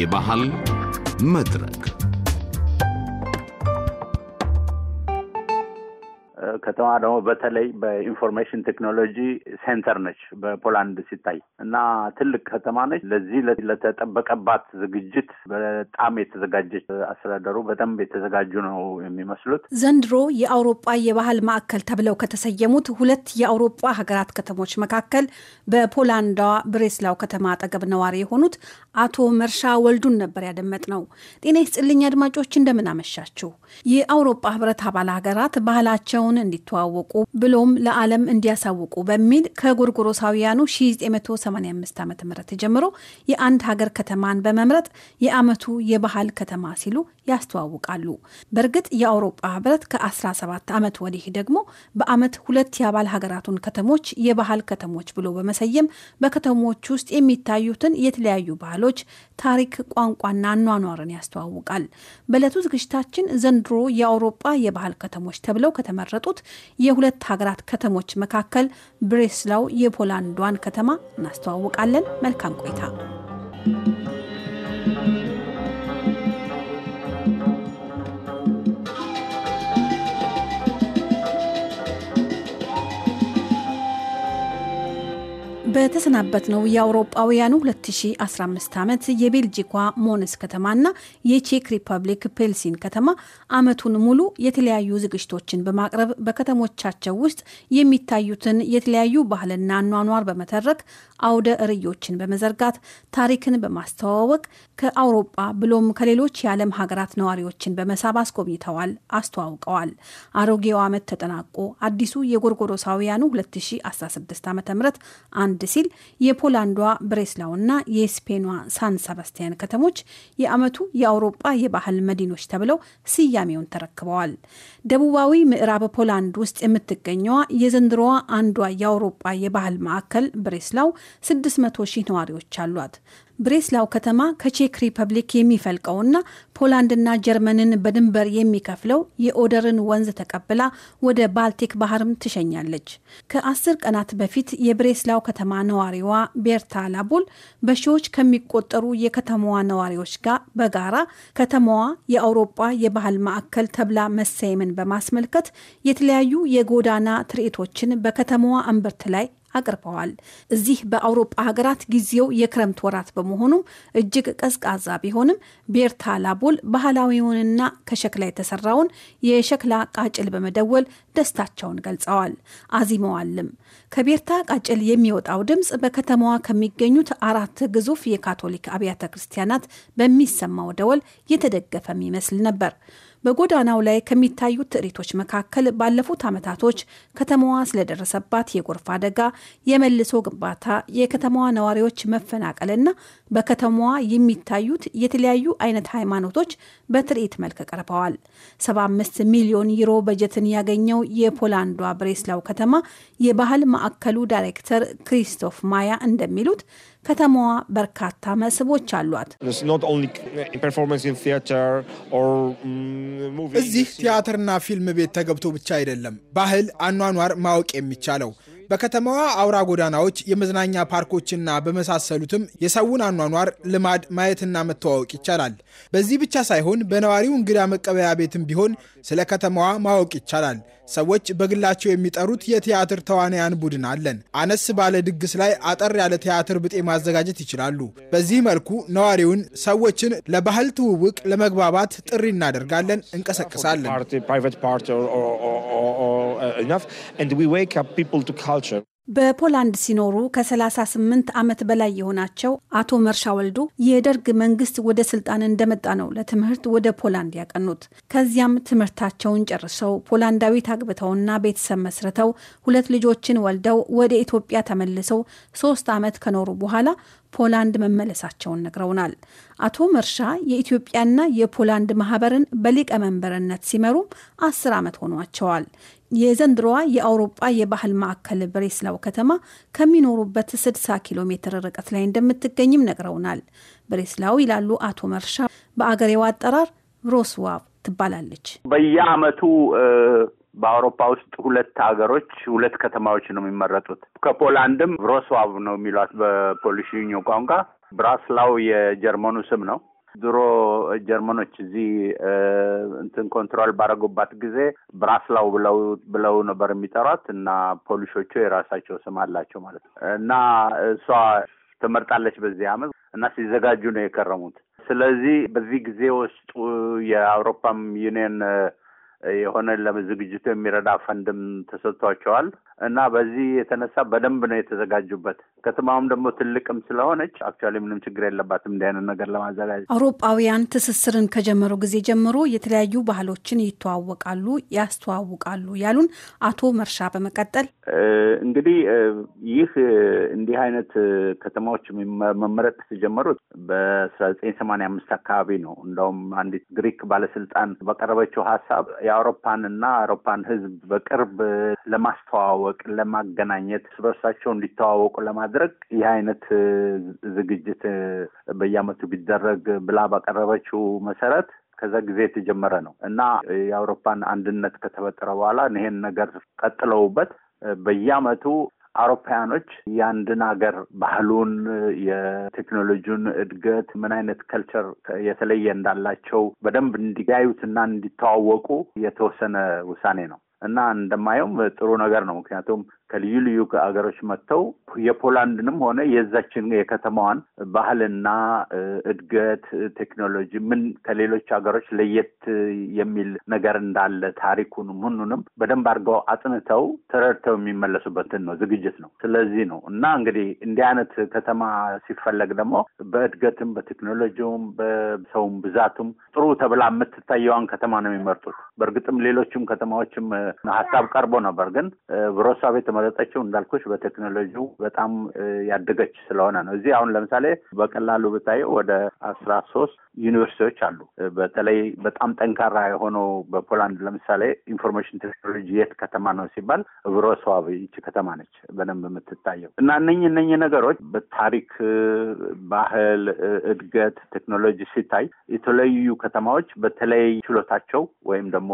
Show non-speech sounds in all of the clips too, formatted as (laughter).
የባህል መድረክ ከተማ ደግሞ በተለይ በኢንፎርሜሽን ቴክኖሎጂ ሴንተር ነች በፖላንድ ሲታይ እና ትልቅ ከተማ ነች። ለዚህ ለተጠበቀባት ዝግጅት በጣም የተዘጋጀች አስተዳደሩ በደንብ የተዘጋጁ ነው የሚመስሉት። ዘንድሮ የአውሮጳ የባህል ማዕከል ተብለው ከተሰየሙት ሁለት የአውሮጳ ሀገራት ከተሞች መካከል በፖላንዷ ብሬስላው ከተማ አጠገብ ነዋሪ የሆኑት አቶ መርሻ ወልዱን ነበር ያደመጥ ነው። ጤና ይስጥልኝ አድማጮች እንደምን አመሻችሁ። የአውሮጳ ህብረት አባል ሀገራት ባህላቸውን እንዲ እንዲተዋወቁ ብሎም ለዓለም እንዲያሳውቁ በሚል ከጎርጎሮሳውያኑ 1985 ዓ ም ጀምሮ የአንድ ሀገር ከተማን በመምረጥ የዓመቱ የባህል ከተማ ሲሉ ያስተዋውቃሉ። በእርግጥ የአውሮፓ ህብረት ከ17 ዓመት ወዲህ ደግሞ በዓመት ሁለት የአባል ሀገራቱን ከተሞች የባህል ከተሞች ብሎ በመሰየም በከተሞች ውስጥ የሚታዩትን የተለያዩ ባህሎች፣ ታሪክ፣ ቋንቋና አኗኗርን ያስተዋውቃል። በዕለቱ ዝግጅታችን ዘንድሮ የአውሮፓ የባህል ከተሞች ተብለው ከተመረጡት የሁለት ሀገራት ከተሞች መካከል ብሬስላው የፖላንዷን ከተማ እናስተዋውቃለን። መልካም ቆይታ። በተሰናበት ነው የአውሮጳውያኑ 2015 ዓመት የቤልጂኳ ሞንስ ከተማና የቼክ ሪፐብሊክ ፔልሲን ከተማ ዓመቱን ሙሉ የተለያዩ ዝግጅቶችን በማቅረብ በከተሞቻቸው ውስጥ የሚታዩትን የተለያዩ ባህልና አኗኗር በመተረክ አውደ ርዮችን በመዘርጋት ታሪክን በማስተዋወቅ ከአውሮጳ ብሎም ከሌሎች የዓለም ሀገራት ነዋሪዎችን በመሳብ አስጎብኝተዋል፣ አስተዋውቀዋል። አሮጌው ዓመት ተጠናቆ አዲሱ የጎርጎሮሳውያኑ 2016 ዓ ም አንድ ሲል የፖላንዷ ብሬስላውና የስፔኗ ሳን ሰባስቲያን ከተሞች የዓመቱ የአውሮጳ የባህል መዲኖች ተብለው ስያሜውን ተረክበዋል። ደቡባዊ ምዕራብ ፖላንድ ውስጥ የምትገኘዋ የዘንድሮዋ አንዷ የአውሮጳ የባህል ማዕከል ብሬስላው 600 ሺህ ነዋሪዎች አሏት። ብሬስላው ከተማ ከቼክ ሪፐብሊክ የሚፈልቀውና ፖላንድና ጀርመንን በድንበር የሚከፍለው የኦደርን ወንዝ ተቀብላ ወደ ባልቲክ ባህርም ትሸኛለች። ከአስር ቀናት በፊት የብሬስላው ከተማ ነዋሪዋ ቤርታ ላቡል በሺዎች ከሚቆጠሩ የከተማዋ ነዋሪዎች ጋር በጋራ ከተማዋ የአውሮጳ የባህል ማዕከል ተብላ መሰየምን በማስመልከት የተለያዩ የጎዳና ትርኢቶችን በከተማዋ እምብርት ላይ አቅርበዋል። እዚህ በአውሮፓ ሀገራት ጊዜው የክረምት ወራት በመሆኑ እጅግ ቀዝቃዛ ቢሆንም ቤርታ ላቦል ባህላዊውንና ከሸክላ የተሰራውን የሸክላ ቃጭል በመደወል ደስታቸውን ገልጸዋል አዚመዋልም። ከቤርታ ቃጭል የሚወጣው ድምፅ በከተማዋ ከሚገኙት አራት ግዙፍ የካቶሊክ አብያተ ክርስቲያናት በሚሰማው ደወል የተደገፈም ይመስል ነበር። በጎዳናው ላይ ከሚታዩት ትርኢቶች መካከል ባለፉት ዓመታቶች ከተማዋ ስለደረሰባት የጎርፍ አደጋ፣ የመልሶ ግንባታ፣ የከተማዋ ነዋሪዎች መፈናቀልና በከተማዋ የሚታዩት የተለያዩ አይነት ሃይማኖቶች በትርኢት መልክ ቀርበዋል። 75 ሚሊዮን ዩሮ በጀትን ያገኘው የፖላንዷ ብሬስላው ከተማ የባህል ማዕከሉ ዳይሬክተር ክሪስቶፍ ማያ እንደሚሉት ከተማዋ በርካታ መስህቦች አሏት። እዚህ ቲያትርና ፊልም ቤት ተገብቶ ብቻ አይደለም ባህል፣ አኗኗር ማወቅ የሚቻለው በከተማዋ አውራ ጎዳናዎች፣ የመዝናኛ ፓርኮችና በመሳሰሉትም የሰውን አኗኗር ልማድ ማየትና መተዋወቅ ይቻላል። በዚህ ብቻ ሳይሆን በነዋሪው እንግዳ መቀበያ ቤትም ቢሆን ስለ ከተማዋ ማወቅ ይቻላል። ሰዎች በግላቸው የሚጠሩት የቲያትር ተዋናያን ቡድን አለን። አነስ ባለ ድግስ ላይ አጠር ያለ ቲያትር ብጤ ማዘጋጀት ይችላሉ። በዚህ መልኩ ነዋሪውን፣ ሰዎችን ለባህል ትውውቅ ለመግባባት ጥሪ እናደርጋለን፣ እንቀሰቅሳለን። በፖላንድ ሲኖሩ ከ38 ዓመት በላይ የሆናቸው አቶ መርሻ ወልዱ የደርግ መንግስት ወደ ስልጣን እንደመጣ ነው ለትምህርት ወደ ፖላንድ ያቀኑት። ከዚያም ትምህርታቸውን ጨርሰው ፖላንዳዊት አግብተውና ቤተሰብ መስርተው ሁለት ልጆችን ወልደው ወደ ኢትዮጵያ ተመልሰው ሶስት ዓመት ከኖሩ በኋላ ፖላንድ መመለሳቸውን ነግረውናል። አቶ መርሻ የኢትዮጵያና የፖላንድ ማህበርን በሊቀመንበርነት ሲመሩም አስር ዓመት ሆኗቸዋል። የዘንድሮዋ የአውሮጳ የባህል ማዕከል ብሬስላው ከተማ ከሚኖሩበት 60 ኪሎ ሜትር ርቀት ላይ እንደምትገኝም ነግረውናል። ብሬስላው ይላሉ አቶ መርሻ በአገሬው አጠራር ቭሮስዋቭ ትባላለች። በየአመቱ በአውሮፓ ውስጥ ሁለት ሀገሮች ሁለት ከተማዎች ነው የሚመረጡት። ከፖላንድም ቭሮስዋቭ ነው የሚሏት በፖሊሽኞ ቋንቋ። ብራስላው የጀርመኑ ስም ነው። ድሮ ጀርመኖች እዚህ እንትን ኮንትሮል ባረጉባት ጊዜ ብራስላው ብለው ብለው ነበር የሚጠሯት እና ፖሊሾቹ የራሳቸው ስም አላቸው ማለት ነው እና እሷ ትመርጣለች በዚህ አመት እና ሲዘጋጁ ነው የከረሙት። ስለዚህ በዚህ ጊዜ ውስጡ የአውሮፓም ዩኒየን የሆነ ለዝግጅቱ የሚረዳ ፈንድም ተሰጥቷቸዋል እና በዚህ የተነሳ በደንብ ነው የተዘጋጁበት። ከተማውም ደግሞ ትልቅም ስለሆነች አክቹዋሊ ምንም ችግር የለባትም እንዲህ አይነት ነገር ለማዘጋጀት። አውሮፓውያን ትስስርን ከጀመሩ ጊዜ ጀምሮ የተለያዩ ባህሎችን ይተዋወቃሉ፣ ያስተዋውቃሉ ያሉን አቶ መርሻ በመቀጠል እንግዲህ ይህ እንዲህ አይነት ከተማዎች መመረጥ ሲጀመሩት በአስራ ዘጠኝ ሰማንያ አምስት አካባቢ ነው። እንደውም አንዲት ግሪክ ባለስልጣን በቀረበችው ሀሳብ የአውሮፓንና አውሮፓን ህዝብ በቅርብ ለማስተዋወቅ፣ ለማገናኘት፣ በእርሳቸው እንዲተዋወቁ ለማድረግ ይህ አይነት ዝግጅት በየዓመቱ ቢደረግ ብላ ባቀረበችው መሰረት ከዛ ጊዜ የተጀመረ ነው እና የአውሮፓን አንድነት ከተፈጠረ በኋላ ይሄን ነገር ቀጥለውበት በየዓመቱ አውሮፓውያኖች የአንድን ሀገር ባህሉን፣ የቴክኖሎጂውን እድገት ምን አይነት ከልቸር የተለየ እንዳላቸው በደንብ እንዲያዩትና እንዲተዋወቁ የተወሰነ ውሳኔ ነው እና እንደማየውም ጥሩ ነገር ነው። ምክንያቱም ከልዩ ልዩ አገሮች መጥተው የፖላንድንም ሆነ የዛችን የከተማዋን ባህልና እድገት፣ ቴክኖሎጂ ምን ከሌሎች ሀገሮች ለየት የሚል ነገር እንዳለ ታሪኩን ምኑንም በደንብ አድርገው አጥንተው ተረድተው የሚመለሱበትን ነው ዝግጅት ነው። ስለዚህ ነው እና እንግዲህ እንዲህ አይነት ከተማ ሲፈለግ ደግሞ በእድገትም በቴክኖሎጂውም በሰውም ብዛቱም ጥሩ ተብላ የምትታየዋን ከተማ ነው የሚመርጡት። በእርግጥም ሌሎችም ከተማዎችም ሀሳብ ቀርቦ ነበር፣ ግን ብሮሳቤት የተመረጠችው እንዳልኩሽ በቴክኖሎጂው በጣም ያደገች ስለሆነ ነው። እዚህ አሁን ለምሳሌ በቀላሉ ብታየው ወደ አስራ ሶስት ዩኒቨርሲቲዎች አሉ። በተለይ በጣም ጠንካራ የሆነው በፖላንድ ለምሳሌ ኢንፎርሜሽን ቴክኖሎጂ የት ከተማ ነው ሲባል ቭሮስዋቭ ይቺ ከተማ ነች በደንብ የምትታየው እና እነኝህ እነኝህ ነገሮች በታሪክ ባህል፣ እድገት፣ ቴክኖሎጂ ሲታይ የተለያዩ ከተማዎች በተለይ ችሎታቸው ወይም ደግሞ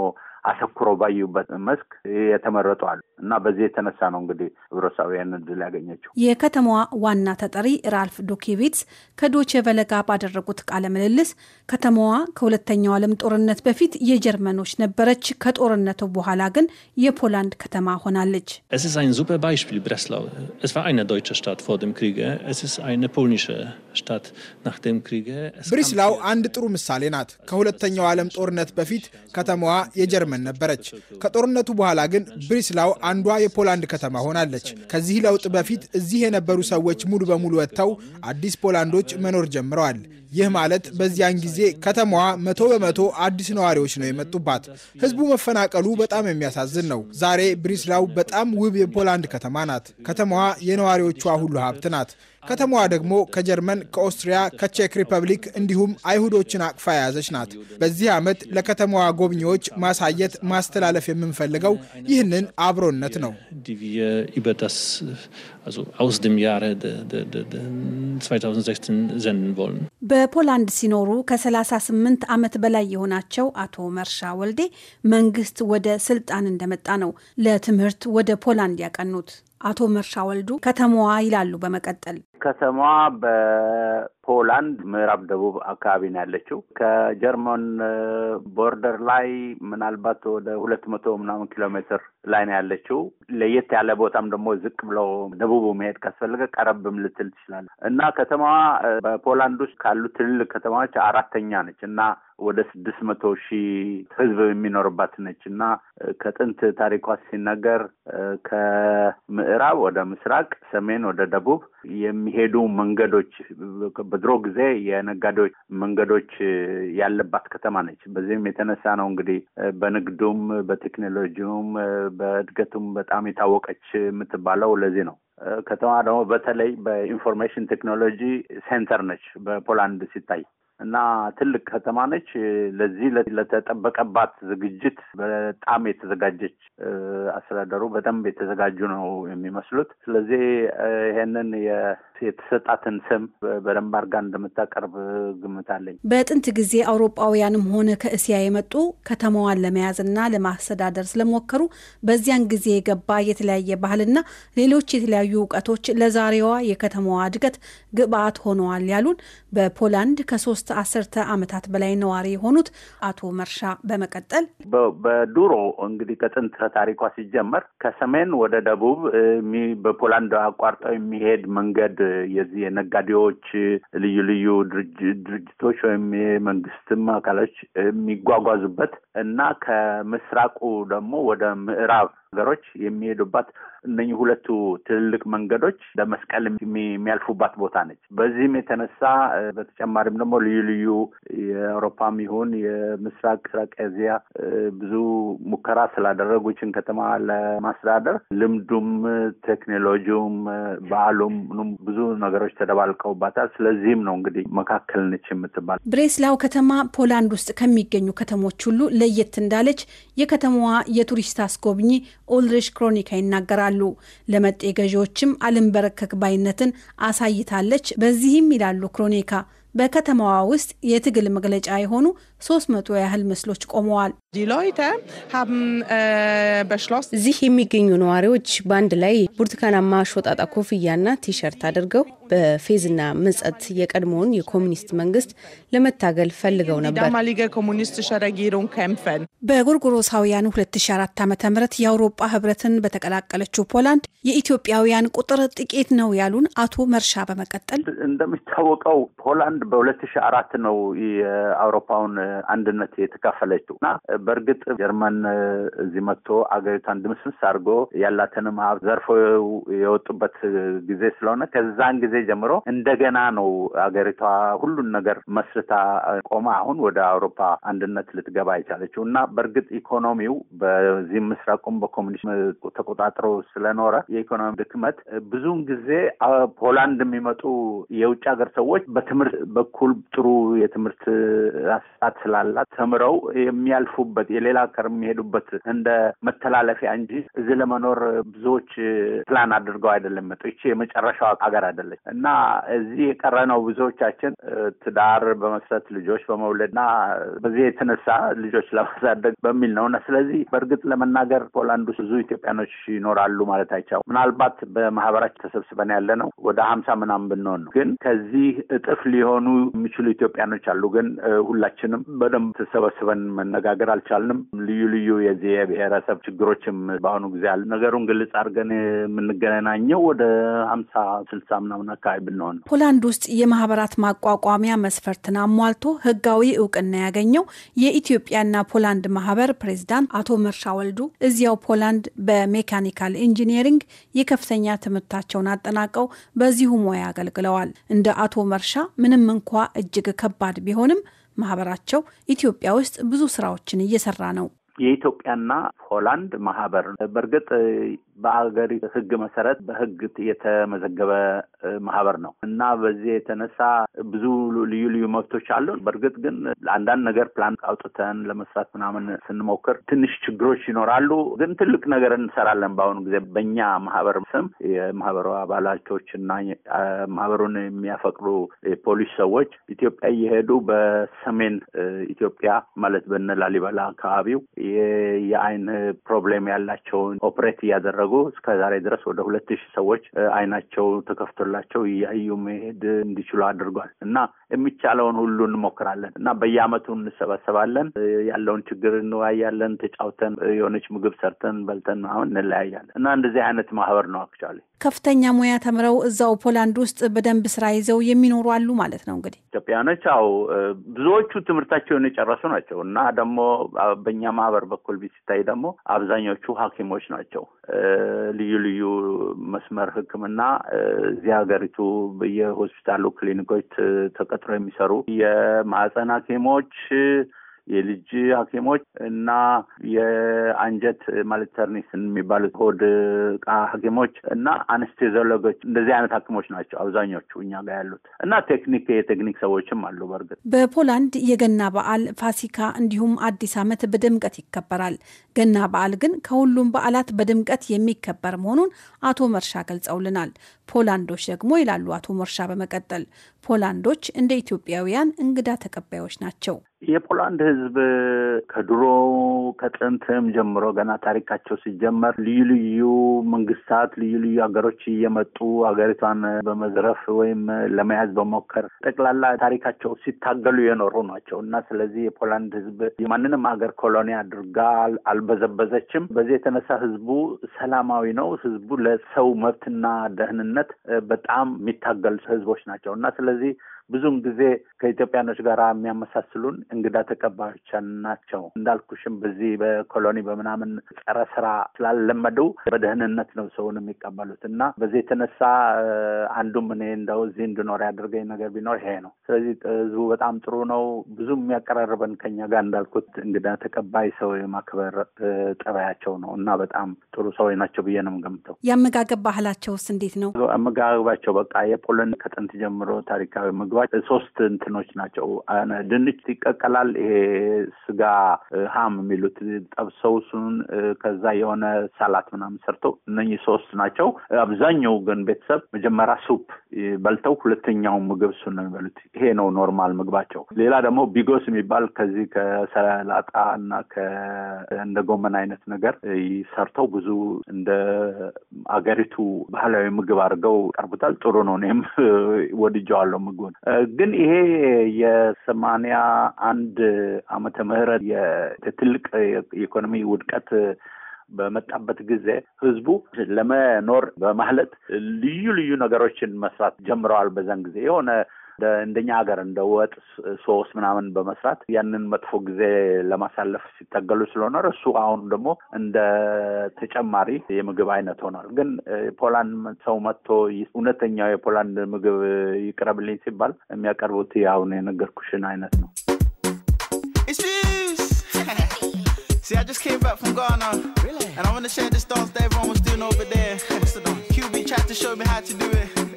አተኩረው ባዩበት መስክ የተመረጡ አሉ እና በዚህ የተነሳ ነው እንግዲህ ህብረተሰባውያን ድል ያገኘችው። የከተማዋ ዋና ተጠሪ ራልፍ ዶኬቪትስ ከዶቼ ቬለ ጋር ባደረጉት ቃለ ምልልስ ከተማዋ ከሁለተኛው ዓለም ጦርነት በፊት የጀርመኖች ነበረች፣ ከጦርነቱ በኋላ ግን የፖላንድ ከተማ ሆናለች። ብሪስላው አንድ ጥሩ ምሳሌ ናት። ከሁለተኛው ዓለም ጦርነት በፊት ከተማዋ የጀርመ ጀርመን ነበረች። ከጦርነቱ በኋላ ግን ብሪስላው አንዷ የፖላንድ ከተማ ሆናለች። ከዚህ ለውጥ በፊት እዚህ የነበሩ ሰዎች ሙሉ በሙሉ ወጥተው አዲስ ፖላንዶች መኖር ጀምረዋል። ይህ ማለት በዚያን ጊዜ ከተማዋ መቶ በመቶ አዲስ ነዋሪዎች ነው የመጡባት። ህዝቡ መፈናቀሉ በጣም የሚያሳዝን ነው። ዛሬ ብሪስላው በጣም ውብ የፖላንድ ከተማ ናት። ከተማዋ የነዋሪዎቿ ሁሉ ሀብት ናት። ከተማዋ ደግሞ ከጀርመን፣ ከኦስትሪያ፣ ከቼክ ሪፐብሊክ እንዲሁም አይሁዶችን አቅፋ የያዘች ናት። በዚህ ዓመት ለከተማዋ ጎብኚዎች ማሳየት ማስተላለፍ የምንፈልገው ይህንን አብሮነት ነው። also aus dem Jahre 2016 senden wollen። በፖላንድ ሲኖሩ ከ38 ዓመት በላይ የሆናቸው አቶ መርሻ ወልዴ መንግስት ወደ ስልጣን እንደመጣ ነው ለትምህርት ወደ ፖላንድ ያቀኑት። አቶ መርሻ ወልዱ ከተማዋ ይላሉ በመቀጠል ከተማዋ በፖላንድ ምዕራብ ደቡብ አካባቢ ነው ያለችው። ከጀርመን ቦርደር ላይ ምናልባት ወደ ሁለት መቶ ምናምን ኪሎ ሜትር ላይ ነው ያለችው። ለየት ያለ ቦታም ደግሞ ዝቅ ብሎ ደቡቡ መሄድ ካስፈለገ ቀረብም ልትል ትችላለ እና ከተማዋ በፖላንድ ውስጥ ካሉ ትልልቅ ከተማዎች አራተኛ ነች እና ወደ ስድስት መቶ ሺህ ህዝብ የሚኖርባት ነች እና ከጥንት ታሪኳ ሲነገር ከምዕራብ ወደ ምስራቅ፣ ሰሜን ወደ ደቡብ የሚሄዱ መንገዶች በድሮ ጊዜ የነጋዴዎች መንገዶች ያለባት ከተማ ነች። በዚህም የተነሳ ነው እንግዲህ በንግዱም በቴክኖሎጂውም በእድገቱም በጣም የታወቀች የምትባለው ለዚህ ነው። ከተማ ደግሞ በተለይ በኢንፎርሜሽን ቴክኖሎጂ ሴንተር ነች በፖላንድ ሲታይ እና ትልቅ ከተማ ነች። ለዚህ ለተጠበቀባት ዝግጅት በጣም የተዘጋጀች አስተዳደሩ በደንብ የተዘጋጁ ነው የሚመስሉት። ስለዚህ ይሄንን የተሰጣትን ስም በደንብ አድርጋ እንደምታቀርብ ግምት አለኝ። በጥንት ጊዜ አውሮፓውያንም ሆነ ከእስያ የመጡ ከተማዋን ለመያዝና ለማስተዳደር ስለሞከሩ በዚያን ጊዜ የገባ የተለያየ ባህልና ሌሎች የተለያዩ እውቀቶች ለዛሬዋ የከተማዋ እድገት ግብአት ሆነዋል ያሉን በፖላንድ ከሶስት አስርተ ዓመታት በላይ ነዋሪ የሆኑት አቶ መርሻ በመቀጠል በዱሮ እንግዲህ ከጥንት ታሪኳ ሲጀመር ከሰሜን ወደ ደቡብ በፖላንድ አቋርጠው የሚሄድ መንገድ የዚህ የነጋዴዎች ልዩ ልዩ ድርጅቶች ወይም የመንግስትም አካሎች የሚጓጓዙበት እና ከምስራቁ ደግሞ ወደ ምዕራብ ሀገሮች የሚሄዱባት እነኚህ ሁለቱ ትልልቅ መንገዶች ለመስቀል የሚያልፉባት ቦታ ነች። በዚህም የተነሳ በተጨማሪም ደግሞ ልዩ ልዩ የአውሮፓም ይሁን የምስራቅ ምስራቅ ኤዚያ ብዙ ሙከራ ስላደረጉ ይችን ከተማ ለማስተዳደር ልምዱም፣ ቴክኖሎጂውም፣ ባህሉም ብዙ ነገሮች ተደባልቀውባታል። ስለዚህም ነው እንግዲህ መካከል ነች የምትባል። ብሬስላው ከተማ ፖላንድ ውስጥ ከሚገኙ ከተሞች ሁሉ ለየት እንዳለች የከተማዋ የቱሪስት አስጎብኚ ኦልሪሽ ክሮኒካ ይናገራሉ። ለመጤ ገዢዎችም አልንበረከክ ባይነትን አሳይታለች። በዚህም ይላሉ ክሮኒካ በከተማዋ ውስጥ የትግል መግለጫ የሆኑ 300 ያህል ምስሎች ቆመዋል። እዚህ የሚገኙ ነዋሪዎች በአንድ ላይ ብርቱካናማ ሾጣጣ ኮፍያና ቲሸርት አድርገው በፌዝና ምጸት የቀድሞውን የኮሚኒስት መንግስት ለመታገል ፈልገው ነበር። በጎርጎሮሳውያን 2004 ዓ ም የአውሮፓ ህብረትን በተቀላቀለችው ፖላንድ የኢትዮጵያውያን ቁጥር ጥቂት ነው ያሉን አቶ መርሻ በመቀጠል እንደሚታወቀው ፖላንድ በሁለት ሺ አራት ነው የአውሮፓውን አንድነት የተካፈለችው እና በእርግጥ ጀርመን እዚህ መጥቶ አገሪቷን ድምስምስ አድርጎ ያላትንም ሀብት ዘርፎ የወጡበት ጊዜ ስለሆነ ከዛን ጊዜ ጀምሮ እንደገና ነው አገሪቷ ሁሉን ነገር መስርታ ቆማ አሁን ወደ አውሮፓ አንድነት ልትገባ የቻለችው እና በእርግጥ ኢኮኖሚው በዚህ ምስራቁም በኮሚኒስት ተቆጣጥሮ ስለኖረ የኢኮኖሚ ድክመት ብዙውን ጊዜ ፖላንድ የሚመጡ የውጭ ሀገር ሰዎች በትምህርት በኩል ጥሩ የትምህርት አስጣት ስላላት ተምረው የሚያልፉበት የሌላ ሀገር የሚሄዱበት እንደ መተላለፊያ እንጂ እዚህ ለመኖር ብዙዎች ፕላን አድርገው አይደለም መጡ። ይቺ የመጨረሻው ሀገር አይደለች እና እዚህ የቀረ ነው ብዙዎቻችን ትዳር በመስረት ልጆች በመውለድና በዚህ የተነሳ ልጆች ለማሳደግ በሚል ነው እና ስለዚህ በእርግጥ ለመናገር ፖላንድ ውስጥ ብዙ ኢትዮጵያኖች ይኖራሉ ማለት አይቻው ምናልባት በማህበራችን ተሰብስበን ያለ ነው ወደ ሀምሳ ምናምን ብንሆን ነው ግን ከዚህ እጥፍ ሊሆን ሊሆኑ የሚችሉ ኢትዮጵያኖች አሉ። ግን ሁላችንም በደንብ ተሰበስበን መነጋገር አልቻልንም። ልዩ ልዩ የዚህ የብሔረሰብ ችግሮችም በአሁኑ ጊዜ አለ። ነገሩን ግልጽ አድርገን የምንገናኘው ወደ ሀምሳ ስልሳ ምናምን አካባቢ ብንሆን። ፖላንድ ውስጥ የማህበራት ማቋቋሚያ መስፈርትን አሟልቶ ህጋዊ እውቅና ያገኘው የኢትዮጵያና ፖላንድ ማህበር ፕሬዚዳንት አቶ መርሻ ወልዱ እዚያው ፖላንድ በሜካኒካል ኢንጂኒሪንግ የከፍተኛ ትምህርታቸውን አጠናቀው በዚሁ ሙያ አገልግለዋል። እንደ አቶ መርሻ ምንም እንኳ እጅግ ከባድ ቢሆንም ማህበራቸው ኢትዮጵያ ውስጥ ብዙ ስራዎችን እየሰራ ነው። የኢትዮጵያና ሆላንድ ማህበር በእርግጥ በአገሪ ህግ መሰረት በህግ የተመዘገበ ማህበር ነው እና በዚህ የተነሳ ብዙ ልዩ ልዩ መብቶች አሉ። በእርግጥ ግን ለአንዳንድ ነገር ፕላን አውጥተን ለመስራት ምናምን ስንሞክር ትንሽ ችግሮች ይኖራሉ። ግን ትልቅ ነገር እንሰራለን። በአሁኑ ጊዜ በእኛ ማህበር ስም የማህበሩ አባላቶች እና ማህበሩን የሚያፈቅሩ የፖሊስ ሰዎች ኢትዮጵያ እየሄዱ በሰሜን ኢትዮጵያ ማለት በነ ላሊበላ አካባቢው የአይን ፕሮብሌም ያላቸውን ኦፕሬት እያደረጉ እስከ ዛሬ ድረስ ወደ ሁለት ሺህ ሰዎች አይናቸው ተከፍቶላቸው እያዩ መሄድ እንዲችሉ አድርጓል እና የሚቻለውን ሁሉ እንሞክራለን እና በየአመቱ እንሰበሰባለን። ያለውን ችግር እንወያያለን። ተጫውተን የሆነች ምግብ ሰርተን በልተን አሁን እንለያያለን እና እንደዚህ አይነት ማህበር ነው አክቹዋሊ። ከፍተኛ ሙያ ተምረው እዛው ፖላንድ ውስጥ በደንብ ስራ ይዘው የሚኖሩ አሉ ማለት ነው። እንግዲህ ኢትዮጵያኖች አው ብዙዎቹ ትምህርታቸውን የጨረሱ ናቸው እና ደግሞ በእኛ በማህበር በኩል ሲታይ ደግሞ አብዛኞቹ ሐኪሞች ናቸው። ልዩ ልዩ መስመር ሕክምና እዚህ ሀገሪቱ በየሆስፒታሉ ክሊኒኮች ተቀጥሮ የሚሰሩ የማህፀን ሐኪሞች የልጅ ሐኪሞች እና የአንጀት ማለት ተርኒስን የሚባሉት ሆድ ዕቃ ሐኪሞች እና አነስቴዞሎጎች እንደዚህ አይነት ሐኪሞች ናቸው አብዛኞቹ እኛ ጋር ያሉት እና ቴክኒክ የቴክኒክ ሰዎችም አሉ። በእርግጥ በፖላንድ የገና በዓል ፋሲካ፣ እንዲሁም አዲስ ዓመት በድምቀት ይከበራል። ገና በዓል ግን ከሁሉም በዓላት በድምቀት የሚከበር መሆኑን አቶ መርሻ ገልጸውልናል። ፖላንዶች ደግሞ ይላሉ አቶ መርሻ በመቀጠል ፖላንዶች እንደ ኢትዮጵያውያን እንግዳ ተቀባዮች ናቸው። የፖላንድ ህዝብ ከድሮ ከጥንትም ጀምሮ ገና ታሪካቸው ሲጀመር ልዩ ልዩ መንግስታት፣ ልዩ ልዩ ሀገሮች እየመጡ ሀገሪቷን በመዝረፍ ወይም ለመያዝ በሞከር ጠቅላላ ታሪካቸው ሲታገሉ የኖሩ ናቸው እና ስለዚህ የፖላንድ ህዝብ የማንንም ሀገር ኮሎኒ አድርጋ አልበዘበዘችም። በዚህ የተነሳ ህዝቡ ሰላማዊ ነው። ህዝቡ ለሰው መብትና ደህንነት በጣም የሚታገል ህዝቦች ናቸው እና ስለዚህ ብዙውን ጊዜ ከኢትዮጵያኖች ጋር የሚያመሳስሉን እንግዳ ተቀባዮች ናቸው። እንዳልኩሽም በዚህ በኮሎኒ በምናምን ጸረ ስራ ስላለመዱ በደህንነት ነው ሰውን የሚቀበሉት እና በዚህ የተነሳ አንዱም እኔ እንደው እዚህ እንድኖር ያደርገኝ ነገር ቢኖር ይሄ ነው። ስለዚህ ህዝቡ በጣም ጥሩ ነው። ብዙ የሚያቀራርበን ከኛ ጋር እንዳልኩት እንግዳ ተቀባይ ሰው የማክበር ጠባያቸው ነው እና በጣም ጥሩ ሰዎች ናቸው ብዬ ነው ገምተው። የአመጋገብ ባህላቸውስ እንዴት ነው? አመጋገባቸው በቃ የፖለን ከጥንት ጀምሮ ታሪካዊ ምግባ ምናልባት ሶስት እንትኖች ናቸው። ድንች ይቀቀላል። ይሄ ስጋ ሀም የሚሉት ጠብሰው እሱን ከዛ የሆነ ሳላት ምናምን ሰርተው እነኚህ ሶስት ናቸው። አብዛኛው ግን ቤተሰብ መጀመሪያ ሱፕ በልተው ሁለተኛው ምግብ እሱን ነው የሚበሉት። ይሄ ነው ኖርማል ምግባቸው። ሌላ ደግሞ ቢጎስ የሚባል ከዚህ ከሰላጣ እና እንደ ጎመን አይነት ነገር ሰርተው ብዙ እንደ አገሪቱ ባህላዊ ምግብ አድርገው ቀርቡታል። ጥሩ ነው። እኔም ወድጀዋለሁ ምግቡን። ግን ይሄ የሰማንያ አንድ አመተ ምህረት የትልቅ የኢኮኖሚ ውድቀት በመጣበት ጊዜ ህዝቡ ለመኖር በማለት ልዩ ልዩ ነገሮችን መስራት ጀምረዋል። በዛን ጊዜ የሆነ እንደኛ ሀገር እንደ ወጥ ሶስ ምናምን በመስራት ያንን መጥፎ ጊዜ ለማሳለፍ ሲታገሉ ስለሆነ እሱ አሁን ደግሞ እንደ ተጨማሪ የምግብ አይነት ሆኗል። ግን ፖላንድ ሰው መጥቶ እውነተኛው የፖላንድ ምግብ ይቅረብልኝ ሲባል የሚያቀርቡት አሁን የነገርኩሽን አይነት ነው። (laughs) See, I just came back from Ghana. Really? And I want to share this dance that everyone was doing over there. What's (laughs) the dance? QB tried to show me how to do it.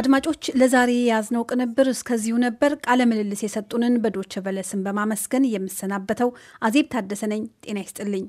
አድማጮች ለዛሬ የያዝነው ቅንብር እስከዚሁ ነበር። ቃለ ምልልስ የሰጡንን በዶቸ በለስን በማመስገን የምሰናበተው አዜብ ታደሰ ነኝ። ጤና ይስጥልኝ።